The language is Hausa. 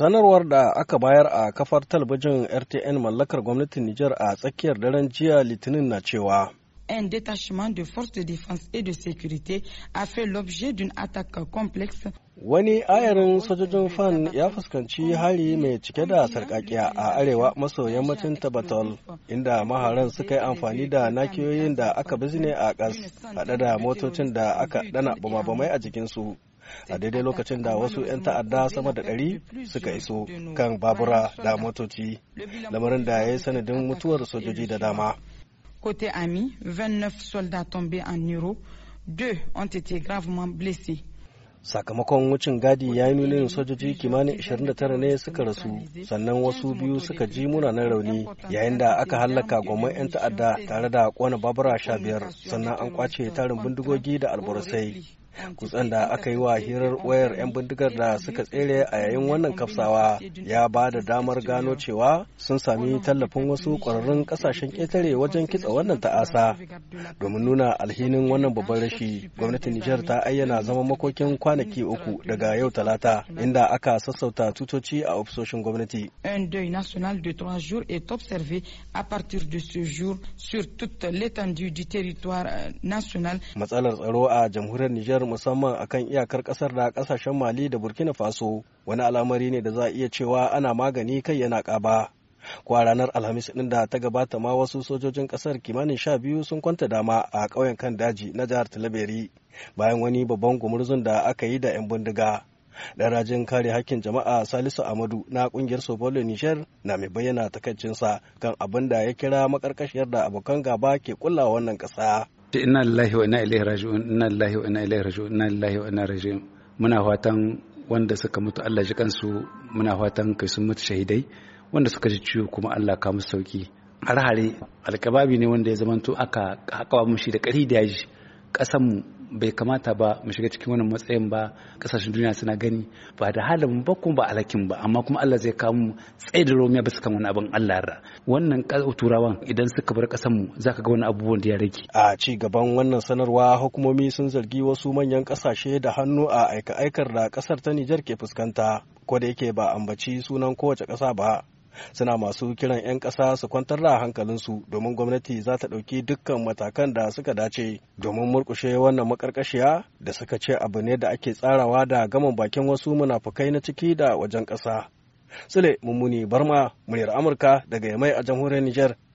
sanarwar da aka bayar a kafar talabijin rtn mallakar gwamnatin niger a tsakiyar daren jiya litinin na cewa un détachement de forces de défense et de sécurité a fait l'objet d'une attaque complexe. Wani ayarin sojojin fan ya fuskanci hari mai cike da sarkakiya a arewa maso yammacin Tabatol, inda maharan suka yi amfani da nakiyoyin da aka bizne a ƙas, haɗe da motocin da aka ɗana bama-bamai a jikinsu. a daidai lokacin da wasu 'yan ta'adda sama da ɗari suka iso kan babura da motoci lamarin da ya yi sanadin mutuwar sojoji da dama. Côté Ami, 29 soldats tombés en Euro, deux ont été gravement sakamakon wucin gadi ya yi nunin sojoji kimanin 29 ne suka rasu sannan wasu biyu suka ji munanan rauni yayin da aka hallaka gwamman 'yan ta'adda tare da kona babura 15 sannan an kwace tarin bindigogi da alburusai kutsen da aka yi wa hirar wayar 'yan bindigar da suka tsere a yayin wannan kafsawa ya ba da damar gano cewa sun sami tallafin wasu ƙwararrun ƙasashen ƙetare wajen kitsa wannan ta'asa domin nuna alhinin wannan babban rashi gwamnatin nijar ta ayyana zama makokin kwanaki uku daga yau talata inda aka sassauta tutoci a ofisoshin gwamnati de de matsalar tsaro a jamhuriyar nijar rundunar musamman akan iyakar kasar da kasashen mali da burkina faso wani al'amari ne da za a iya cewa ana magani kai yana ƙaba kwa ranar alhamis din da ta gabata ma wasu sojojin kasar kimanin sha biyu sun kwanta dama a ƙauyen kan daji na jihar talaberi bayan wani babban gumurzun da aka yi da 'yan bindiga darajin kare hakkin jama'a salisu amadu na ƙungiyar sobolo nijar na mai bayyana takacinsa, kan abin da ya kira makarkashiyar da abokan gaba ke kulla wannan ƙasa ta inna lillahi wa inna ilaihi raji'un inna lillahi wa inna ilaihi raji'un inna lillahi wa inna raji'un muna fatan wanda suka mutu Allah ji kansu muna fatan kai sun mutu shahidai wanda suka ji ciwo kuma Allah ka musu sauki har hare alkababi ne wanda ya zamanto aka haƙawa mushi da ƙari da yaji kasan mu bai kamata ba mu shiga cikin wannan matsayin ba kasashen duniya suna gani ba da halin ba kuma ba alakin ba amma kuma Allah zai kawo mu tsaye da romiya bisa kan wani abin Allah yarda wannan turawan idan suka bar kasan mu zaka ga wani abubuwan da ya rage a ci gaban wannan sanarwa hukumomi sun zargi wasu manyan kasashe da hannu a aika-aikar da kasar ta Nijar ke fuskanta ko da yake ba ambaci sunan kowace kasa ba suna masu kiran 'yan ƙasa su kwantar da hankalinsu domin gwamnati za ta ɗauki dukkan matakan da suka dace domin murƙushe wannan makarƙashiya da suka ce abu ne da ake tsarawa da gaman bakin wasu munafukai na ciki da wajen ƙasa. Sule Mummuni Barma, muryar Amurka daga Yamai a jamhuriyar Nijar.